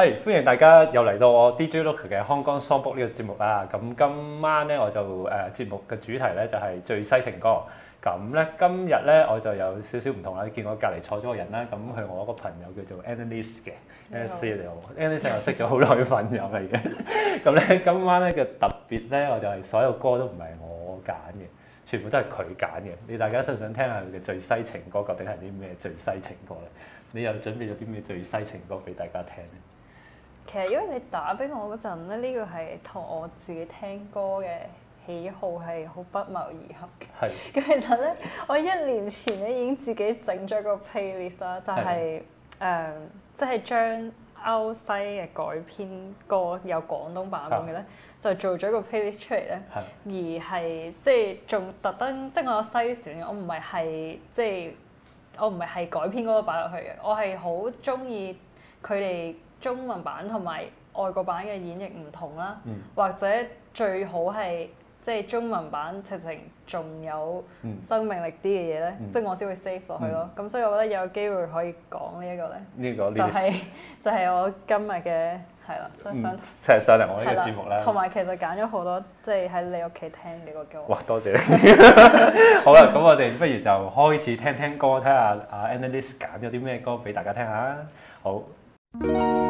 Hey, 歡迎大家又嚟到我 DJ Luka 嘅 Hong Kong Songbook 呢個節目啊！咁、嗯、今晚咧我就誒、呃、節目嘅主題咧就係、是、最西情歌。咁咧、嗯、今日咧我就有少少唔同啦，你見我隔籬坐咗個人啦，咁、嗯、佢我一個朋友叫做 Anais 嘅 Anais 好 Anais 我識咗好耐嘅份友嚟嘅。咁、嗯、咧今晚咧嘅特別咧，我就係、是、所有歌都唔係我揀嘅，全部都係佢揀嘅。你大家想唔想聽下佢嘅最西情歌，究竟係啲咩最西情歌咧？你又準備咗啲咩最西情歌俾大家聽其實因為你打俾我嗰陣咧，呢個係同我自己聽歌嘅喜好係好不謀而合嘅。係。咁其實咧， 我一年前咧已經自己整咗個 playlist 啦、就係是的 嗯，就係誒，即係將歐西嘅改編歌有廣東版嘅咧，就做咗個 playlist 出嚟咧。而係即係仲特登，即係我有篩選，我唔係係即係我唔係係改編嗰個擺落去嘅，我係好中意佢哋。中文版同埋外國版嘅演繹唔同啦，嗯、或者最好係即係中文版直情仲有生命力啲嘅嘢呢，即係、嗯、我先會 save 落去咯。咁、嗯、所以我覺得有機會可以講呢一個呢就係、是、就係、是就是、我今日嘅係啦，就是、想上嚟我呢個節目咧。同埋其實揀咗好多即係喺你屋企聽嘅嗰個歌。哇！多謝你。好啦，咁我哋不如就開始聽聽歌，睇下阿 Anais 揀咗啲咩歌俾大家聽下。好。好好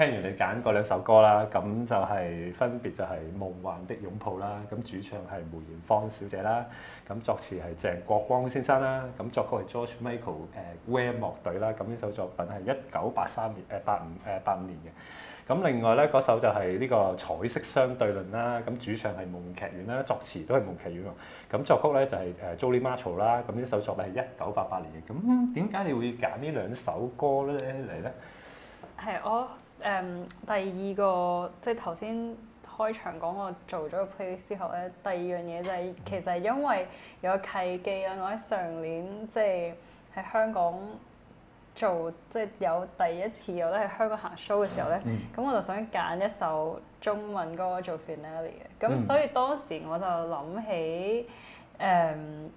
聽完你揀嗰兩首歌啦，咁就係分別就係《夢幻的擁抱》啦，咁主唱係梅艷芳小姐啦，咁作詞係鄭國江先生啦，咁作曲係 George Michael 誒 Wham 樂隊啦，咁呢首作品係一九八三年誒八五誒八五年嘅。咁另外咧嗰首就係呢個《彩色相對論》啦，咁主唱係夢劇院啦，作詞都係夢劇院喎。咁作曲咧就係誒 Joni Mitchell 啦，咁呢首作品係一九八八年嘅。咁點解你會揀呢兩首歌咧嚟咧？係我。誒、嗯、第二個即係頭先開場講我做咗個 play 之後咧，第二樣嘢就係、是、其實因為有個契機啦。我喺上年即係喺香港做即係有第一次，我都喺香港行 show 嘅時候咧，咁、嗯、我就想揀一首中文歌做 finale 嘅。咁所以當時我就諗起誒、嗯、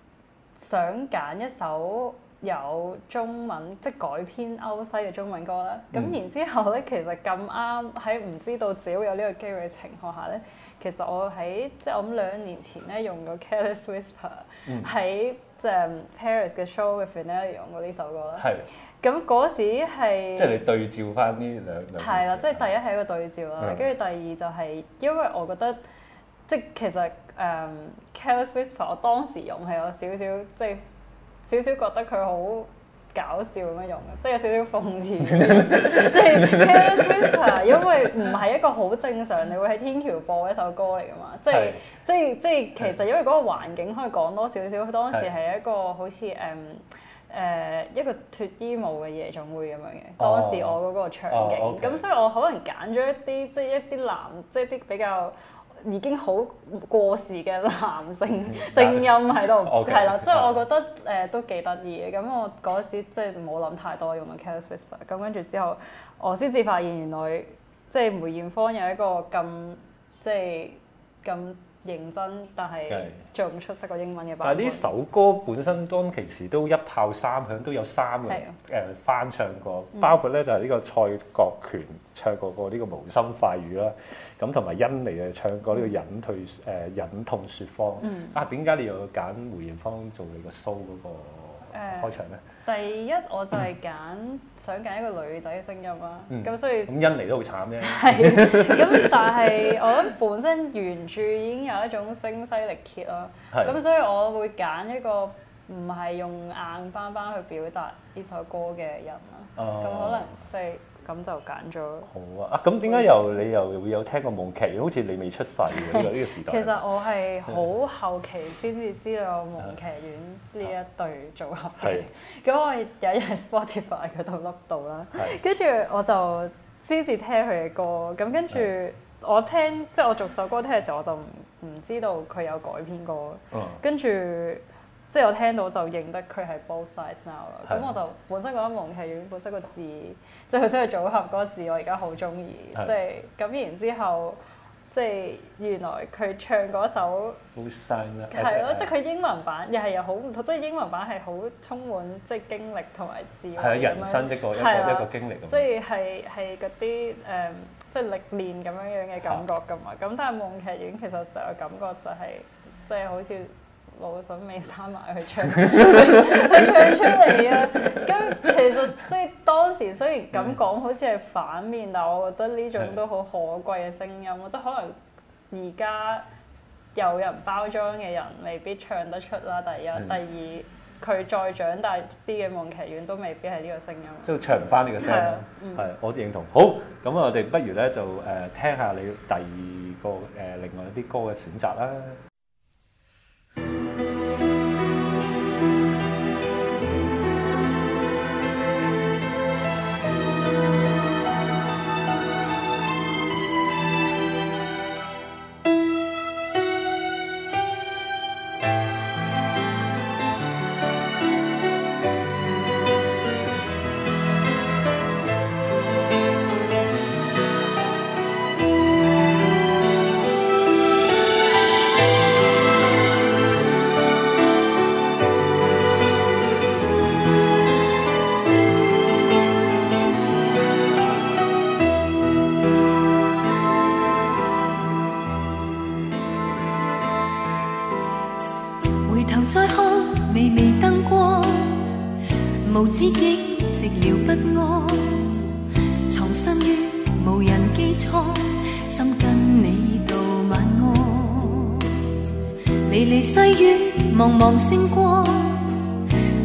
想揀一首。有中文即改編歐西嘅中文歌啦，咁、嗯、然之後咧，其實咁啱喺唔知道自己有呢個機會嘅情況下咧，其實我喺即我諗兩年前咧用過《Careless Whisper、嗯》喺即 Paris 嘅 Show 嘅 Finale 用過呢首歌啦。係、嗯。咁嗰時係。即你對照翻呢兩兩係啦，的即第一係一個對照啦，跟住、嗯、第二就係、是、因為我覺得即其實誒《嗯、Careless Whisper》我當時用係有少少即。就是少少覺得佢好搞笑咁樣用，嘅，即係有少少諷刺， 即係 character， 因為唔係一個好正常， 你會喺天橋播一首歌嚟㗎嘛，即係是即係即係其實因為嗰個環境可以講多少少，是當時係一個好似誒誒一個脱衣舞嘅夜總會咁樣嘅，當時我嗰個場景，咁、哦哦 okay. 所以我可能揀咗一啲即係一啲男，即係啲比較。已經好過時嘅男性聲音喺度，係啦，即係我覺得誒、呃、都幾得意嘅。咁、嗯、我嗰時即係冇諗太多用嘅。咁跟住之後，我先至發現原來即係梅艷芳有一個咁即係咁認真，但係最唔出色個英文嘅版本。但係呢首歌本身當其時都一炮三響，都有三個人誒翻唱過，包括咧就係呢個蔡國權唱過個呢個無心快語啦。嗯咁同埋恩妮嘅唱過呢個忍退誒忍痛說謊。啊點解你又要揀梅艷芳做你個 show 嗰個開場咧？第一我就係揀想揀一個女仔嘅聲音啦，咁所以咁恩妮都好慘啫。係，咁但係我諗本身原著已經有一種聲嘶力竭啦，咁所以我會揀一個唔係用硬梆梆去表達呢首歌嘅人啦，咁可能即係。咁就揀咗。好啊，啊咁點解又你又會有聽過夢劇，好似你未出世㗎，呢個呢個時代。 其實我係好後期先至知道夢劇院呢一對組合嘅。咁我有一日 Spotify 佢度碌到啦，跟住我就先至聽佢嘅歌。咁跟住我聽，即係我逐首歌聽嘅時候，我就唔唔知道佢有改編過。跟住、啊。即係我聽到就認得佢係 both sides now 啦的，咁我就本身覺得夢劇院本身個字，即係佢先去組合嗰個字我，我而家好中意，即係咁然之後，即、就、係、是、原來佢唱嗰首，係咯，即係佢英文版又係又好唔同，即、就、係、是、英文版係好充滿即係、就是、經歷同埋智慧，係人生嘅一個一個對一個經歷對即係係係嗰啲誒，即係歷練咁樣樣嘅感覺噶嘛，咁的對但係夢劇院其實成個感覺就係即係好似。冇審美閂埋佢唱，佢 唱出嚟啊！咁其實即係當時雖然咁講，好似係反面，的但係我覺得呢種都好可貴嘅聲音。的即係可能而家有人包裝嘅人，未必唱得出啦。第一，第二，佢的再長大啲嘅夢劇院都未必係呢個聲音，即係的唱唔翻呢個聲音。係的、嗯，我都認同。好，咁我哋不如咧就誒、呃、聽下你第二個誒、呃、另外一啲歌嘅選擇啦。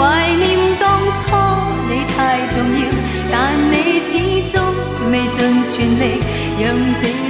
懷念當初你太重要，但你始終未盡全力，讓這。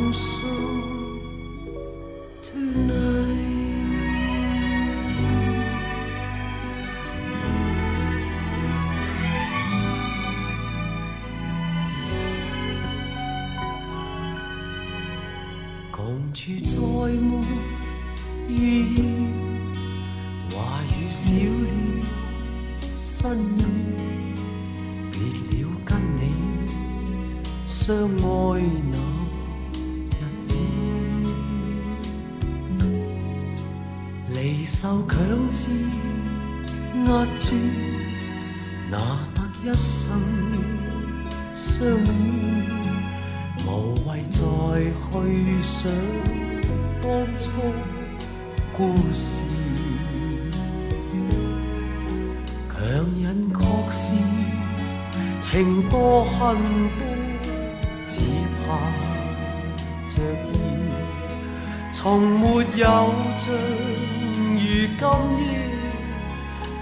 今夜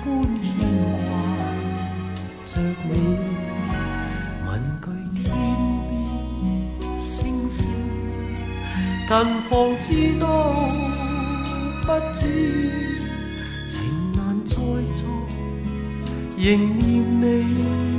半，牽掛着你，問句天邊星星，近況知都不知，情難再續，仍念你。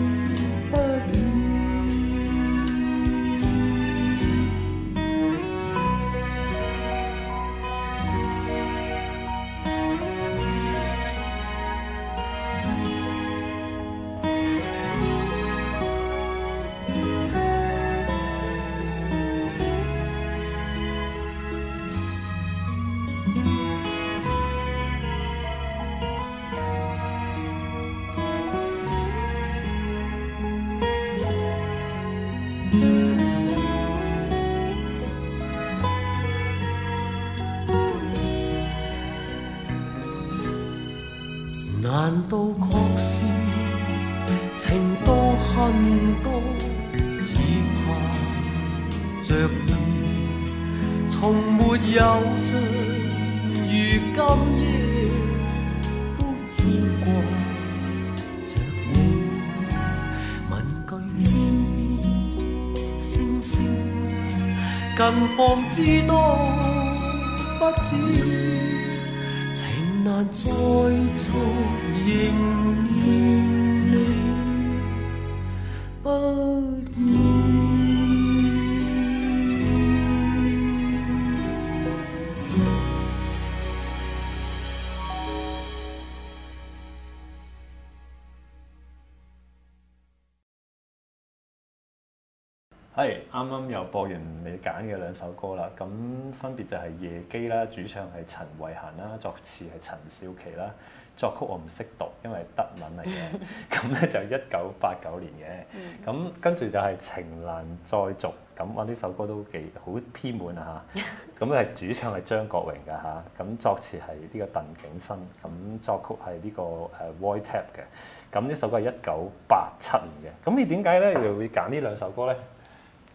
係啱啱又播完你揀嘅兩首歌啦，咁分別就係、是《夜機》啦，主唱係陳慧嫻啦，作詞係陳少琪啦。作曲我唔識讀，因為德文嚟嘅，咁咧 就一九八九年嘅，咁 跟住就係、是、情難再續，咁啊呢首歌都幾好偏門啊嚇，咁係主唱係張國榮嘅嚇，咁作詞係呢個鄧景生，咁作曲係呢個誒 Roy Turk 嘅，咁呢、這個 uh, 首歌係一九八七年嘅，咁你點解咧又會揀呢兩首歌咧？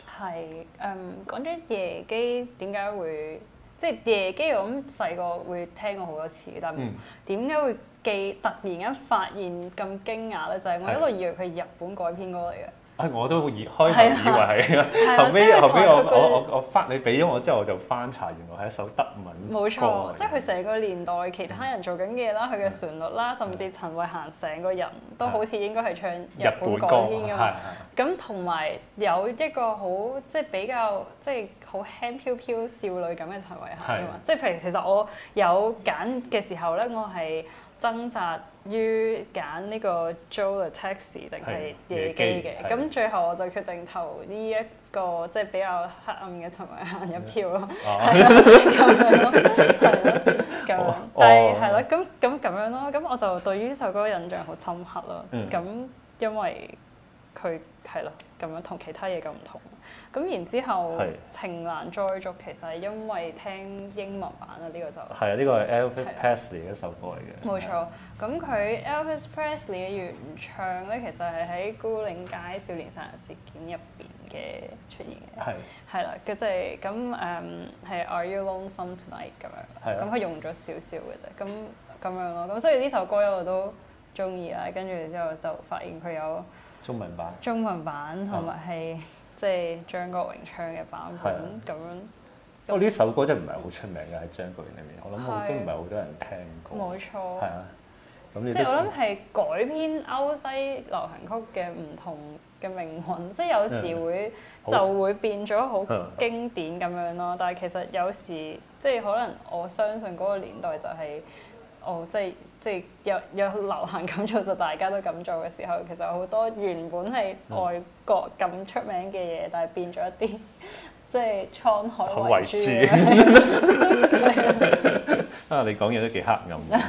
係，誒講咗夜機點解會？即係夜機，我咁細個會聽過好多次，但係點解會記突然間發現咁驚訝咧？就係、是、我一路以為佢係日本改編過嚟嘅。我都以開始，以為係了後尾後尾我我我翻你俾咗我之後，我就翻查，原來係一首德文冇歌錯，歌即係佢成個年代其他人做緊嘅嘢啦，佢嘅對 旋律啦，甚至陳慧嫻成個人都好似應該係唱日本，港日本歌謠㗎嘛。咁同埋有一個好即係比較即係好輕飄飄少女感嘅陳慧嫻㗎嘛。即係了譬如其實我有揀嘅時候咧，我係。掙扎於揀呢個 Joe le Taxi 定係夜機嘅，咁的最後我就決定投呢、這、一個即係的比較黑暗嘅陳慧嫻一票咯，係咯咁樣咯，係咯咁樣，但係係咯咁咁咁樣咯，咁我就對於呢首歌印象好深刻咯，咁因為佢係咯咁樣同其他嘢咁唔同。咁然之後情難再續其實係因為聽英文版啦，呢個就係啊，呢個係 Elvis Presley 一首歌嚟嘅。冇錯，咁佢 Elvis Presley 嘅原唱咧，其實係喺《孤嶺街少年殺人事件》入邊嘅出現嘅。係係啦，佢即係咁誒係 Are you lonesome tonight 咁樣，咁佢用咗少少嘅啫，咁咁樣咯。咁所以呢首歌一路都中意啦，跟住之後就發現佢有中文版，中文版同埋係。即係張國榮唱嘅版本咁樣，我呢、哦、首歌真係唔係好出名嘅喺張國榮裏面，的我諗都唔係好多人聽過。冇錯，係啊，即係我諗係改編歐西流行曲嘅唔同嘅命運，嗯、即係有時會、嗯、就會變咗好經典咁樣咯。嗯、但係其實有時即係可能我相信嗰個年代就係、係、哦，即係。即係有有流行咁做就大家都咁做嘅時候，其實好多原本係外國咁出名嘅嘢，嗯、但係變咗一啲即係滄海遺珠啊！你講嘢都幾黑暗。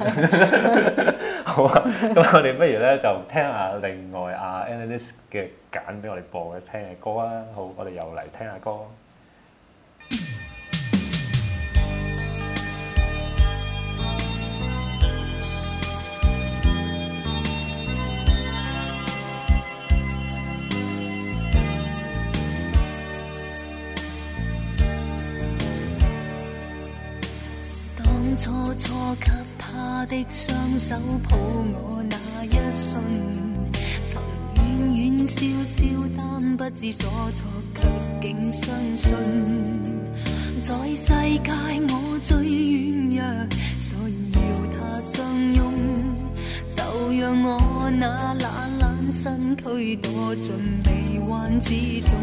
好啊，咁我哋不如咧就聽下另外阿 Anais 嘅揀俾我哋播嘅聽嘅歌啊！好，我哋又嚟聽下歌。嗯初初給他的雙手抱我那一瞬，曾軟軟笑笑但不知所措，卻竟相信，在世界我最軟弱，所以要他相擁，就讓我那懶懶身軀躲進臂彎之中，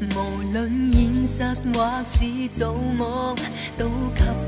無論現實或似造夢，都給。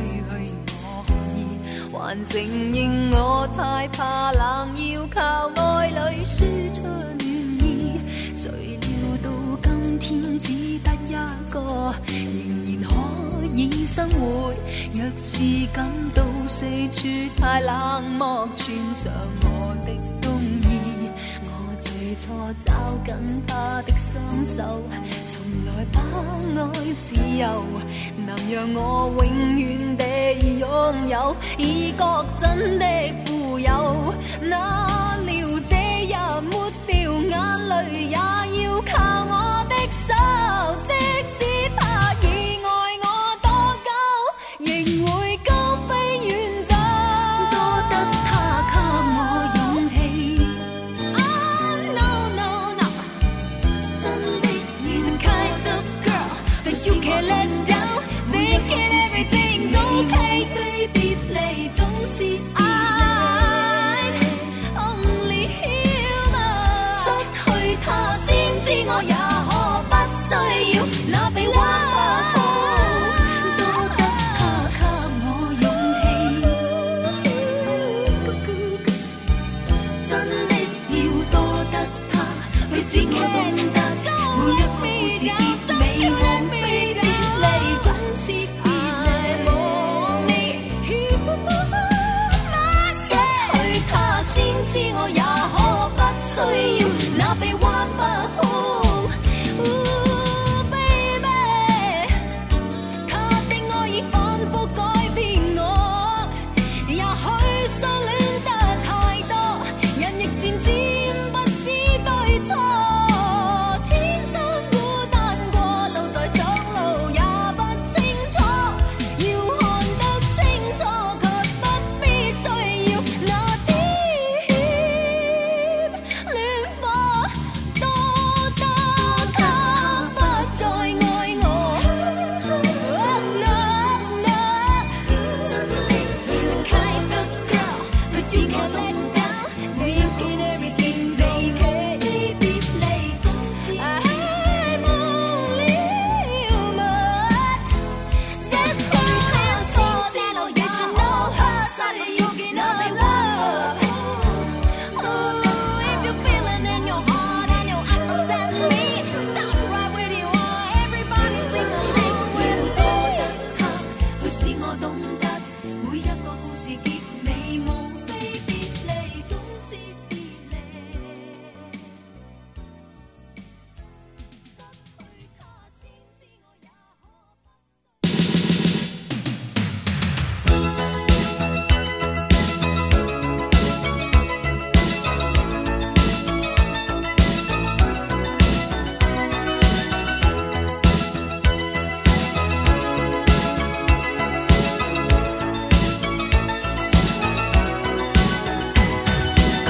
還承認我太怕冷，要靠愛侶輸出暖意。誰料到今天只得一個，仍然可以生活。若是感到四處太冷漠，穿上我的冬衣。我最初找緊他的雙手。不愛自由，能讓我永遠地擁有，已覺真的富有。哪料這日抹掉眼淚，也要靠我的手。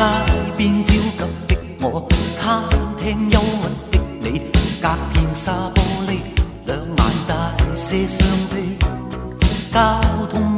街邊焦急的我，餐廳憂鬱的你，隔片沙玻璃，兩眼帶些傷悲，交通。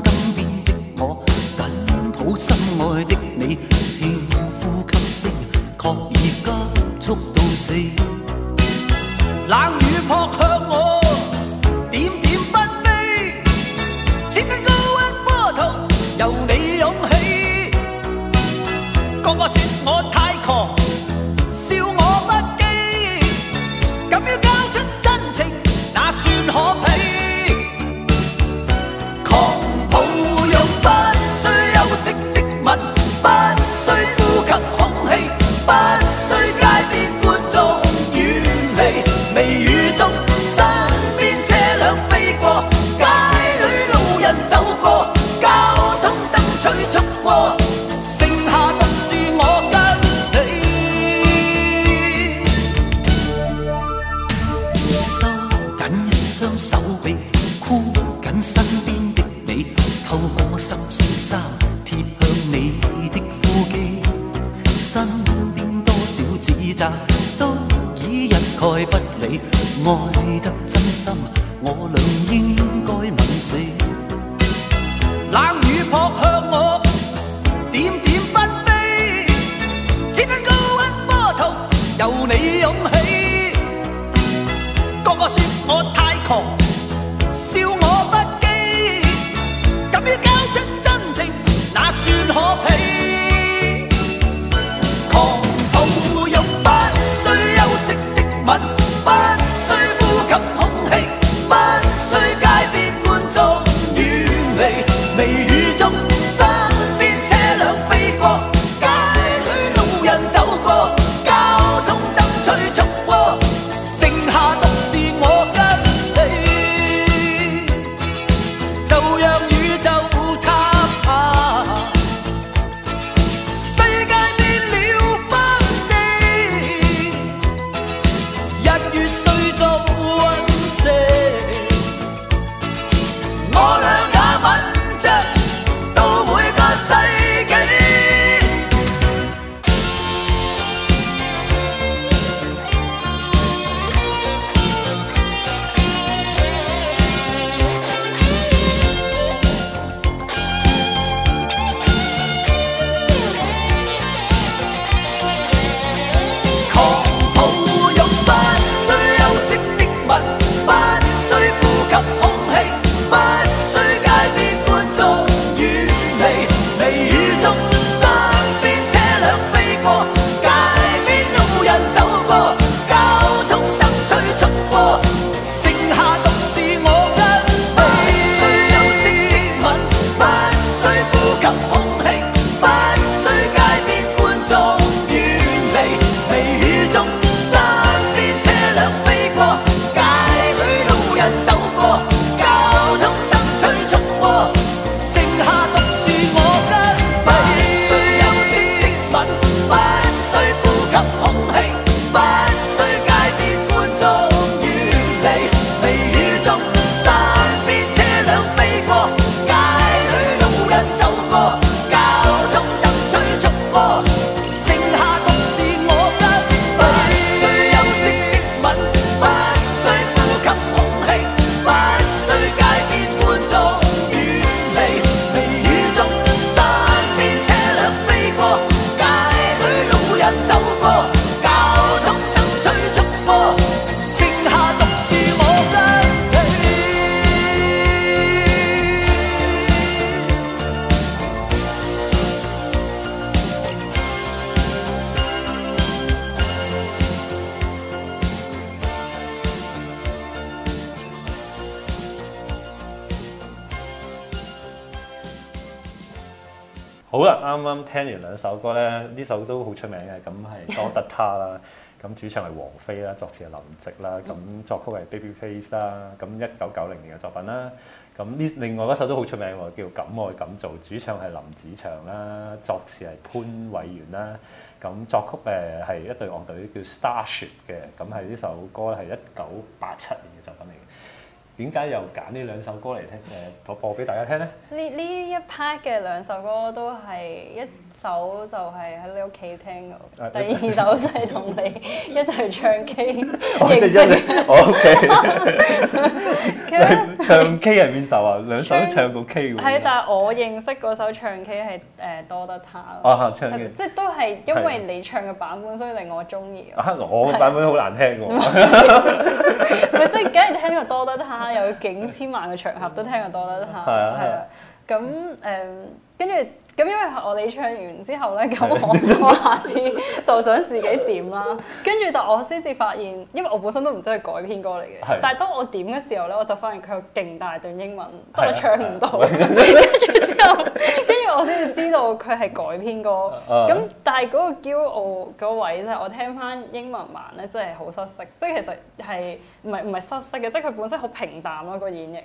勇氣，個個説我太狂。主唱係王菲啦，作詞係林夕啦，咁、嗯、作曲係 Babyface 啦，咁一九九零年嘅作品啦，咁呢另外一首都好出名喎，叫《敢愛敢做》，主唱係林子祥啦，作詞係潘偉源啦，咁作曲誒係一隊樂隊叫 Starship 嘅，咁係呢首歌係一九八七年嘅作品嚟嘅。點解又揀呢兩首歌嚟聽？誒播播俾大家聽咧？呢呢一 part 嘅兩首歌都係一首就係喺你屋企聽嘅，第二首就係同你一齊唱 K 認識。O.K. 唱 K 係邊首啊？兩首都唱過 K 喎。係啊，但係我認識嗰首唱 K 係誒多得他。啊，唱嘅即係都係因為你唱嘅版本，所以令我中意。啊，我嘅版本好難聽㗎喎。咪即係梗係聽個多得他？有幾千萬嘅場合都聽得多啦，係啊，係啊，咁誒、啊，跟住。嗯咁因為我哋唱完之後咧，咁我下次就想自己點啦。跟住就我先至發現，因為我本身都唔知係改編歌嚟嘅。是的 但係當我點嘅時候咧，我就發現佢有勁大段英文，即係我是的 唱唔到。跟住之後，跟住我先至知道佢係改編歌。咁是的 但係嗰個驕傲個位咧，我聽翻英文版咧，真係好失色。即係其實係唔係唔係失色嘅，即係佢本身好平淡咯個演繹。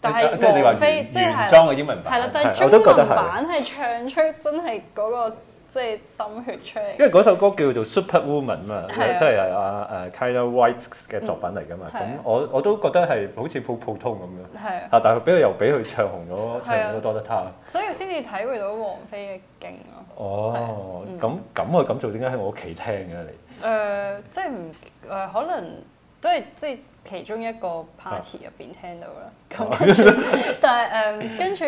但係，即係你話即原裝嘅英文版，我都覺得啦，但係中文版係唱出真係嗰個即係心血出嚟。因為嗰首歌叫做 Superwoman 嘛，即係阿阿 Karyn White 嘅作品嚟㗎嘛。咁我我都覺得係好似普普通咁樣。係啊。但係俾佢又俾佢唱紅咗，唱咗《多得他》所以先至體會到王菲嘅勁咯。哦，咁咁佢咁做，點解喺我屋企聽嘅你？誒，即係唔誒，可能都係即係。其中一個 part 入邊聽到啦，咁、啊嗯、跟住，但係誒、嗯，跟住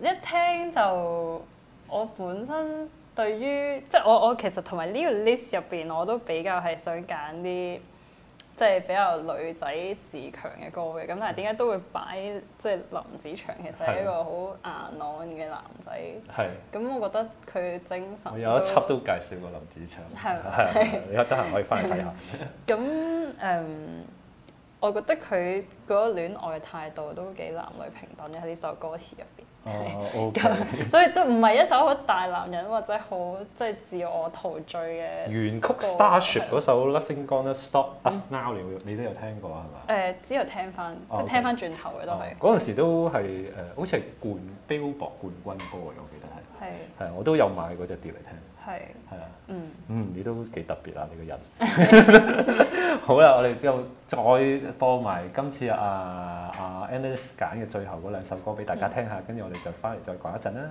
一聽就，我本身對於即係我我其實同埋呢個 list 入邊，我都比較係想揀啲即係比較女仔自強嘅歌嘅，咁但係點解都會擺即係、就是、林子祥？其實係一個好硬朗嘅男仔，係咁的，我覺得佢精神。我有一輯都介紹過林子祥，係係的，你有得閒可以翻去睇下、嗯。咁、嗯、誒。嗯嗯我覺得佢嗰個戀愛態度都幾男女平等嘅喺呢首歌詞入邊，咁， 所以都唔係一首好大男人或者好即係自我陶醉嘅。原曲《Starship》嗰首《Nothing's Gonna Stop Us Now》你都有聽過係嘛？誒、嗯，只、uh, 有聽翻，即、就、係、是、聽翻轉頭嘅都係。嗰陣時都係誒，好似係冠 Billboard 冠軍歌嚟，我記得係係，我都有買嗰隻碟嚟聽。係。係啊。嗯。嗯，你都幾特別啊！你個人。 好啦，我哋之後再播埋今次啊啊 Anais 揀嘅最後嗰兩首歌俾大家聽下，跟住、嗯、我哋就翻嚟再講一陣啦。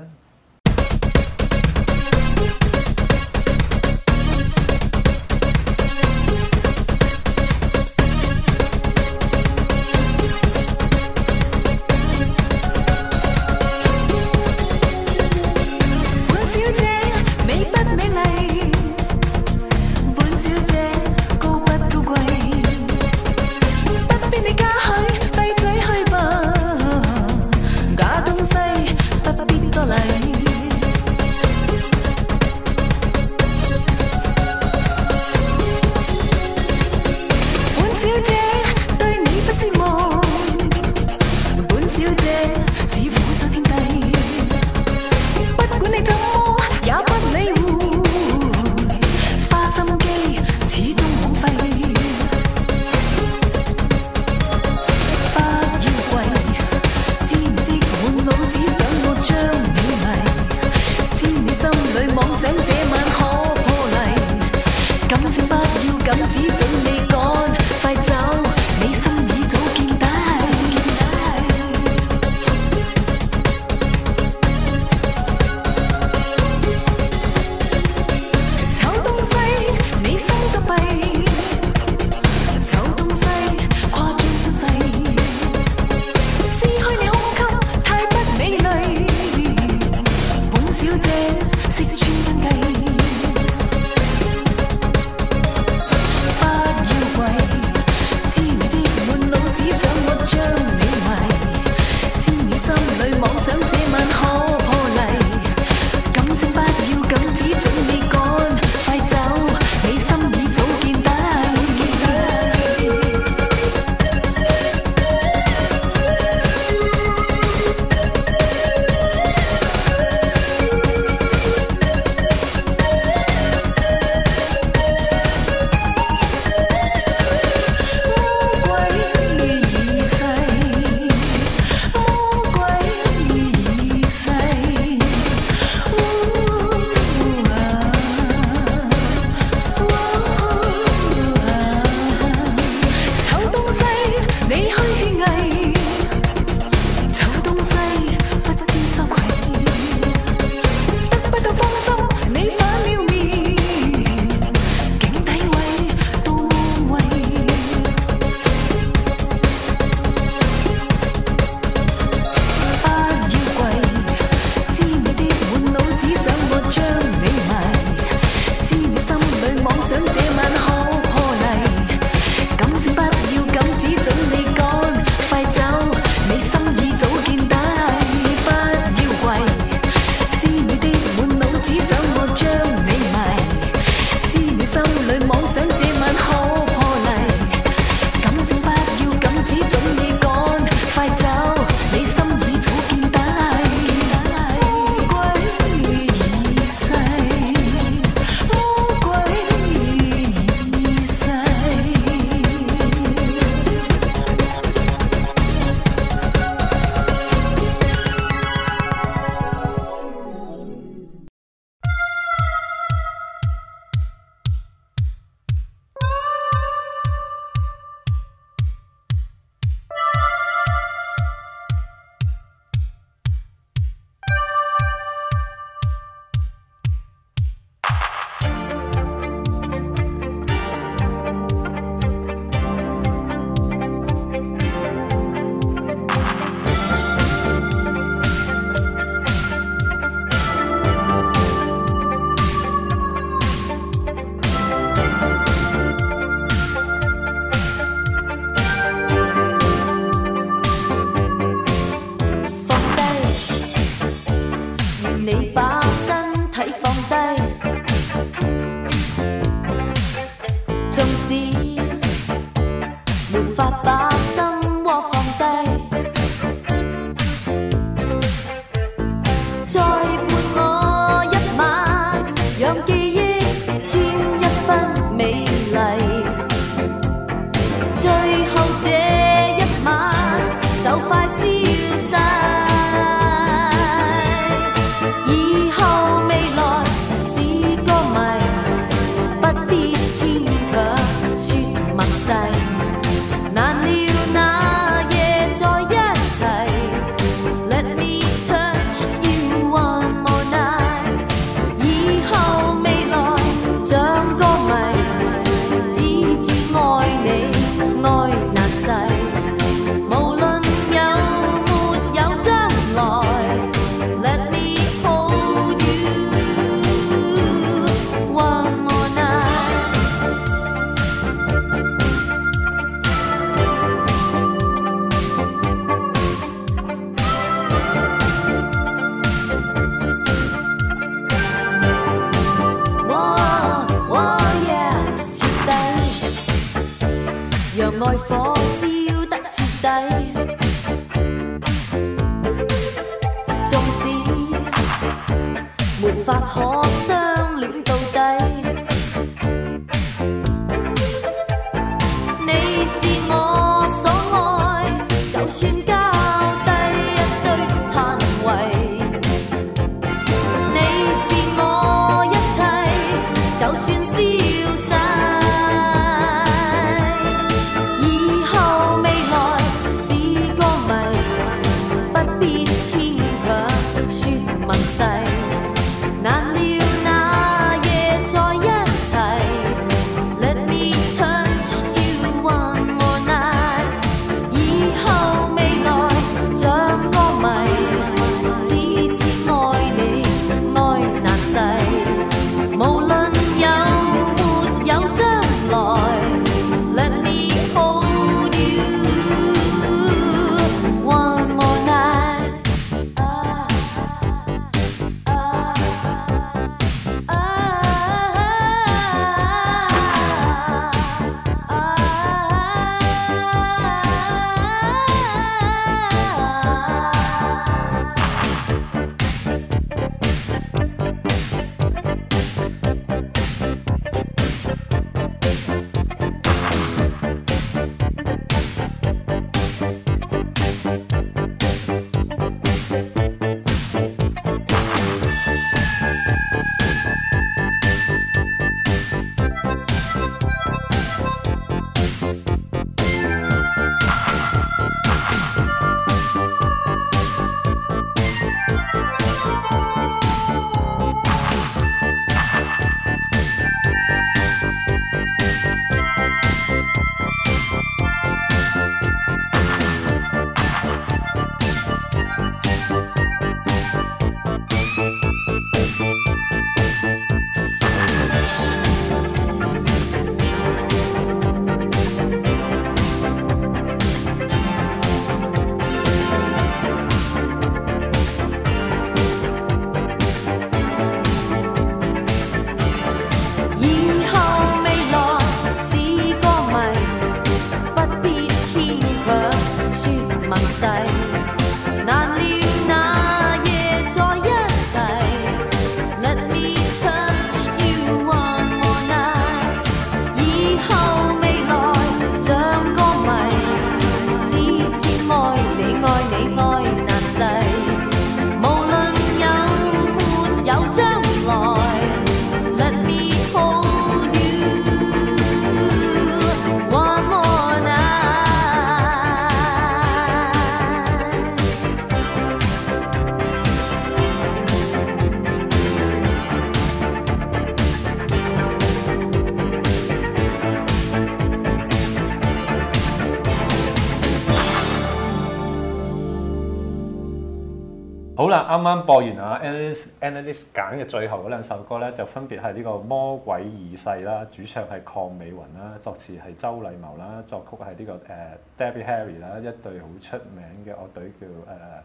啱啱播完啊，Anais Anais 揀嘅最後兩首歌咧，就分別係呢、這個《魔鬼二世》啦，主唱係鄺美雲啦，作詞係周禮茂啦，作曲係呢、這個誒、uh, Debbie Harry 啦，一隊好出名嘅樂隊叫誒、uh,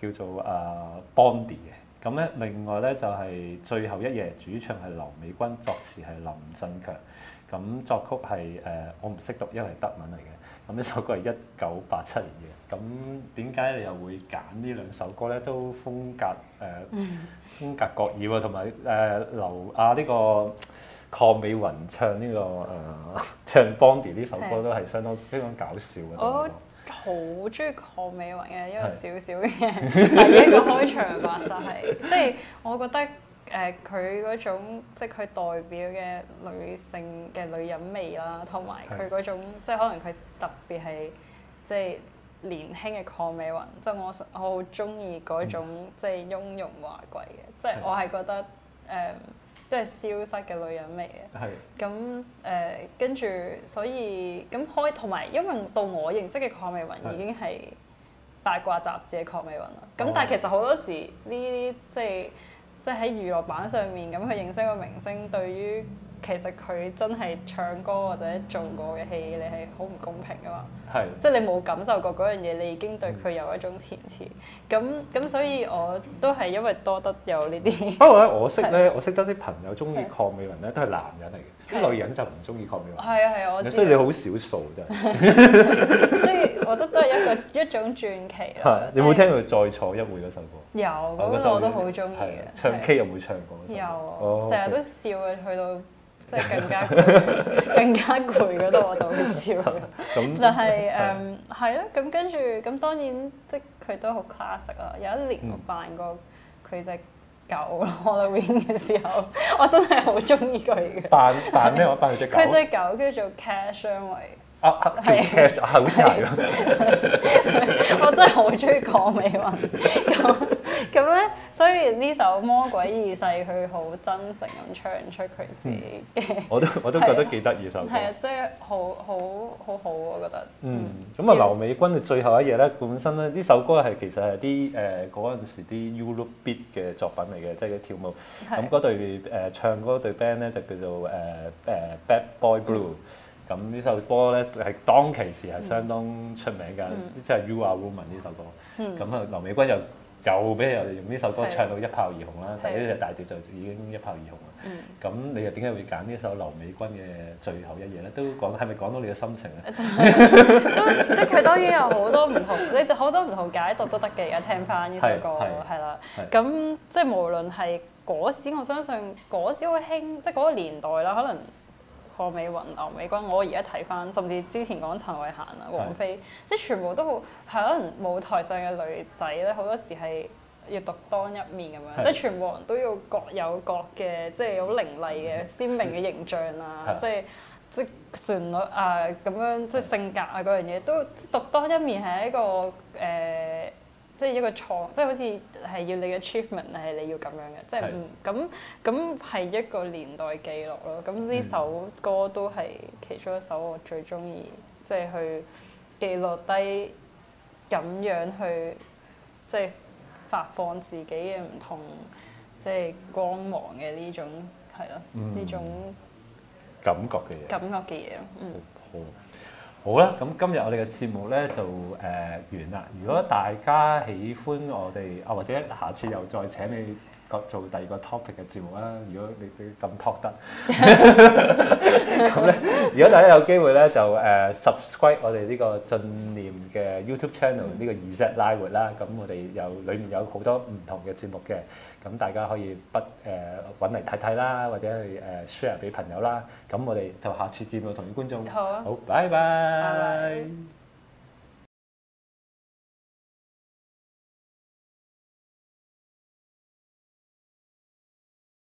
叫做誒 Blondie 嘅。咁、uh, 咧，另外咧就係、是、最後一夜，主唱係劉美君，作詞係林振強，咁作曲係誒、uh, 我唔識讀，因為德文嚟嘅。咁呢首歌係一九八七年嘅，咁點解你又會揀呢兩首歌咧？都風格誒、呃、風格各異喎，同埋誒劉啊呢、呢個鄺美雲唱呢、呢個誒、呃、唱 Bondi 呢首歌都係相當的非常搞笑嘅。我好中意鄺美雲嘅一個小小嘅是的 第一個開場白就係，即係我覺得。誒佢嗰種即係佢代表嘅女性嘅女人味啦，同埋佢嗰種的即係可能佢特別係即係年輕嘅鄺美雲，即係我我好中意嗰種、嗯、即係雍容華貴嘅，即係我係覺得誒即係消失嘅女人味嘅。係的。咁誒跟住，呃、所以咁開同埋，因為到我認識嘅鄺美雲已經係八卦雜誌嘅鄺美雲啦。咁的但係其實好多時呢啲即係。即係喺娛樂版上面咁去認識個明星，對於其實佢真係唱歌或者做過嘅戲，你係好唔公平噶嘛？係的即係你冇感受過嗰樣嘢，你已經對佢有一種前設咁咁，所以我都係因為多得有呢啲。不過咧，我識咧，的我識得啲朋友中意鄺美雲咧，都係男人嚟嘅，啲的女人就唔中意鄺美雲。係啊係啊，我所以你好少數啫。真係 覺得都係一個一種傳奇啦。你有冇聽佢再坐一會嗰首歌？有，我覺得我都好中意嘅。唱 K 又會唱歌。有，成日都笑嘅，去到即係更加更加攰嗰度我就會笑。咁，但係誒係啦。咁跟住咁當然即係佢都好 classic 啊！有一年我扮過佢隻狗 Halloween 嘅時候，我真係好中意佢嘅。扮扮咩？我扮佢隻狗。佢隻狗叫做 Cash，因為。啊、uh, uh, 是啊，係好似係我真係好中意鄺美雲咁，咁咧，所以呢首《魔鬼二世》佢好真誠咁唱出佢自己。我都我都覺得幾得意首歌，係啊，即係、就是、好好好好，我覺得。嗯，咁啊，劉美君嘅最後一嘢最後一夜咧，本身咧呢首歌係其實係啲誒嗰陣時啲 YouTube 嘅作品嚟嘅，即係佢跳舞。咁嗰是對、呃、唱嗰對 band 咧就叫做誒誒、呃呃呃、Bad Boy Blue。咁呢首歌咧係當其時係相當出名㗎，即係、嗯《You Are Woman》呢首歌。咁啊、嗯，劉美君又又俾人用呢首歌唱到一炮而紅啦。對第一隻大碟就已經一炮而紅啦。咁、嗯、你又點解會揀呢首劉美君嘅最後一夜咧？對都講係咪講到你嘅心情咧？都即係佢當然有好多唔同，你好多唔同解讀都得嘅。而家聽翻呢首歌係啦，咁即係無論係嗰時，我相信嗰時好興，即係嗰個年代啦，可能。郭美雲、劉美君，我而家睇翻，甚至之前講陳慧嫻、啊、王菲，是的 即係全部都好可能舞台上嘅女仔咧，好多時係要獨當一面咁樣，是的 即係全部人都要各有各嘅，即係好凌厲嘅、鮮明嘅形象啊，即係即係旋律啊咁樣，即係性格啊嗰樣嘢都獨當一面係一個誒。呃即係一個錯，即係好似係要你嘅 achievement 係你要咁樣嘅，即係嗯咁咁係一個年代記錄咯。咁呢首歌都係其中一首我最中意，即係去記錄低咁樣去，即係發放自己嘅唔同，即係光芒嘅呢種係咯，嗯，呢種感覺嘅嘢，感覺嘅嘢，嗯。好好啦，咁今日我哋嘅節目咧就誒、呃、完啦。如果大家喜歡我哋，啊或者下次又再請你。講做第二個 topic 嘅節目啦，如果你對咁 talk 得，咁咧，如果大家有機會咧，就誒 subscribe 我哋呢個進念嘅 YouTube channel 呢個 ZLive 活啦，咁我哋有裏面有好多唔同嘅節目嘅，咁大家可以不誒揾嚟睇睇啦，或者去誒 share 俾朋友啦，咁我哋就下次見咯，同啲觀眾，好，好，拜拜。